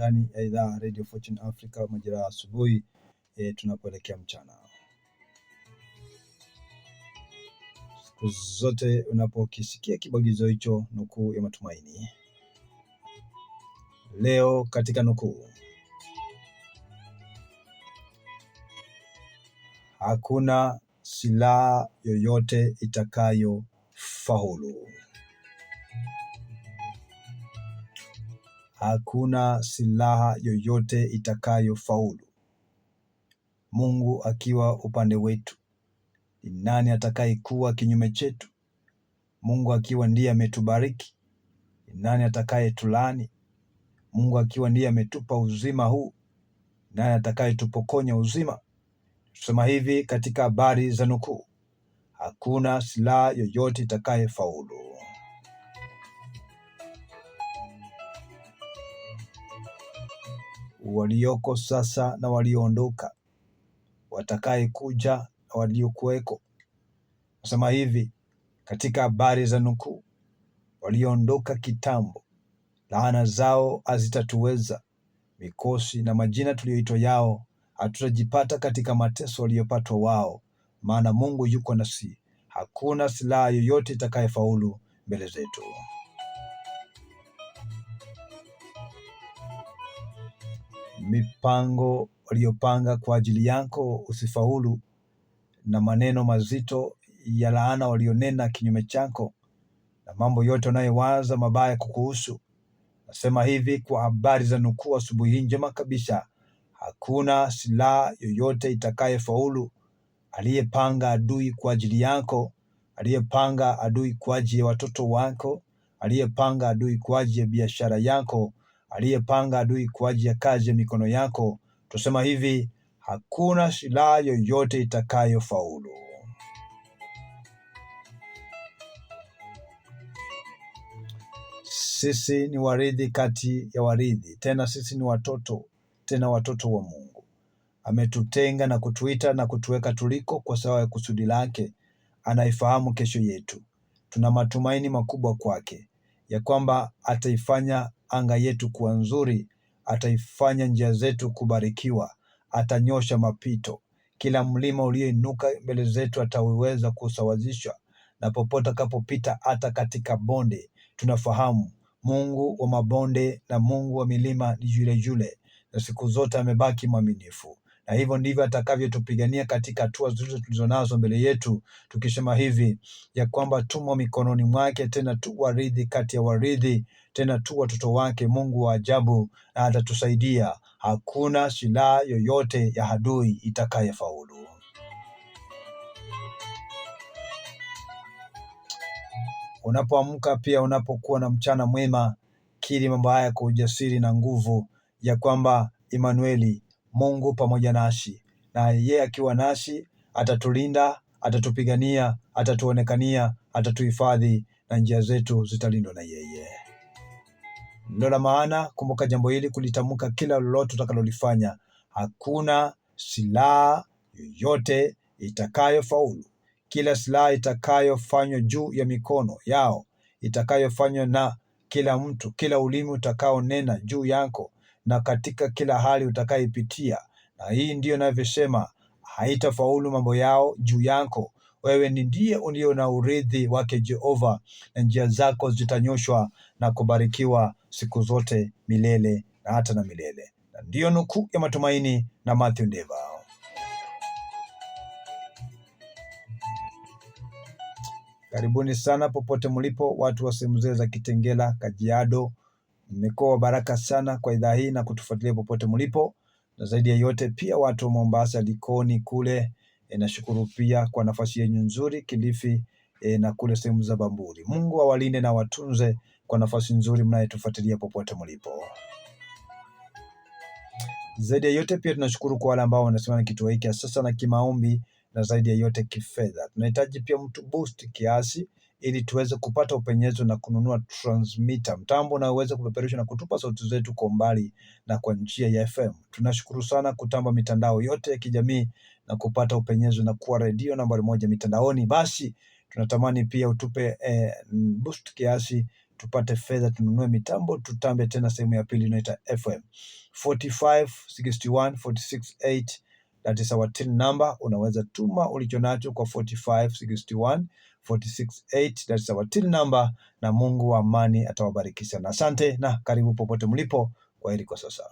ndani ya Radio Fortune Africa majira ya asubuhi e, tunapoelekea mchana. Siku zote unapokisikia kibagizo hicho, nukuu ya matumaini leo katika nukuu, hakuna silaha yoyote itakayofaulu hakuna silaha yoyote itakayofaulu. Mungu akiwa upande wetu, ni nani atakayekuwa kinyume chetu? Mungu akiwa ndiye ametubariki, ni nani atakayetulani Mungu akiwa ndiye ametupa uzima huu, ni nani atakayetupokonya uzima? Tusema hivi katika habari za nukuu, hakuna silaha yoyote itakayefaulu. walioko sasa na walioondoka, watakaye kuja na waliokuweko. Nasema hivi katika habari za nukuu, walioondoka kitambo, laana zao hazitatuweza. Mikosi na majina tuliyoitwa yao, hatutajipata katika mateso waliyopatwa wao, maana Mungu yuko nasi, hakuna silaha yoyote itakayefaulu mbele zetu. mipango waliyopanga kwa ajili yako usifaulu, na maneno mazito ya laana walionena kinyume chako, na mambo yote wanayowaza mabaya kukuhusu. Nasema hivi kwa habari za nukuu asubuhi hii njema kabisa, hakuna silaha yoyote itakayefaulu aliyepanga adui kwa ajili yako, aliyepanga adui kwa ajili ya watoto wako, aliyepanga adui kwa ajili ya biashara yako aliyepanga adui kwa ajili ya kazi ya mikono yako. Tusema hivi, hakuna silaha yoyote itakayofaulu. Sisi ni warithi kati ya warithi, tena sisi ni watoto, tena watoto wa Mungu. Ametutenga na kutuita na kutuweka tuliko kwa sawa ya kusudi lake. Anaifahamu kesho yetu. Tuna matumaini makubwa kwake ya kwamba ataifanya anga yetu kuwa nzuri, ataifanya njia zetu kubarikiwa, atanyosha mapito. Kila mlima ulioinuka mbele zetu ataweza kusawazishwa na popote akapopita, hata katika bonde. Tunafahamu Mungu wa mabonde na Mungu wa milima ni yule yule, na siku zote amebaki mwaminifu na hivyo ndivyo atakavyotupigania katika hatua zote tulizonazo mbele yetu, tukisema hivi ya kwamba tumo mikononi mwake, tena tu waridhi kati ya waridhi, tena tu watoto wake. Mungu wa ajabu na atatusaidia. Hakuna silaha yoyote ya adui itakayefaulu. Unapoamka pia, unapokuwa na mchana mwema, kiri mambo haya kwa ujasiri na nguvu ya kwamba Emanueli Mungu pamoja nasi, na yeye akiwa nasi atatulinda, atatupigania, atatuonekania, atatuhifadhi na njia zetu zitalindwa na yeye. Ndio la maana, kumbuka jambo hili, kulitamka kila lolote utakalolifanya. Hakuna silaha yoyote itakayofaulu, kila silaha itakayofanywa juu ya mikono yao, itakayofanywa na kila mtu, kila ulimi utakaonena juu yako na katika kila hali utakayopitia. Na hii ndiyo inavyosema, haitafaulu mambo yao juu yako. Wewe ni ndiye ulio na urithi wake Jehova, na njia zako zitanyoshwa na kubarikiwa siku zote milele na hata na milele. Na ndiyo nukuu ya matumaini na Matthew Ndeva. Karibuni sana popote mlipo, watu wa sehemu zile za Kitengela, Kajiado Mmekuwa baraka sana kwa idhaa hii na kutufuatilia popote mlipo, na zaidi ya yote pia watu wa Mombasa, Likoni kule e, nashukuru pia kwa nafasi yenyu nzuri Kilifi e, na kule sehemu za Bamburi. Mungu awalinde na watunze kwa nafasi nzuri mnayetufuatilia popote mlipo. Zaidi ya yote pia tunashukuru kwa wale ambao na kituo hiki sasa na kimaombi na zaidi ya yote kifedha. Tunahitaji pia mtu boost kiasi ili tuweze kupata upenyezo na kununua transmitter, mtambo unaoweza kupeperusha na kutupa sauti zetu kwa mbali na kwa njia ya FM. Tunashukuru sana kutamba mitandao yote ya kijamii na kupata upenyezo na kuwa redio nambari moja mitandaoni. Basi tunatamani pia utupe eh, boost kiasi tupate fedha tununue mitambo tutambe tena sehemu ya pili inaita FM 45 61 468 that is our tin number. Unaweza tuma ulichonacho kwa 45 61 468. That's our till number, na Mungu wa amani atawabarikisha. Na asante na karibu popote mlipo. Kwaheri kwa sasa.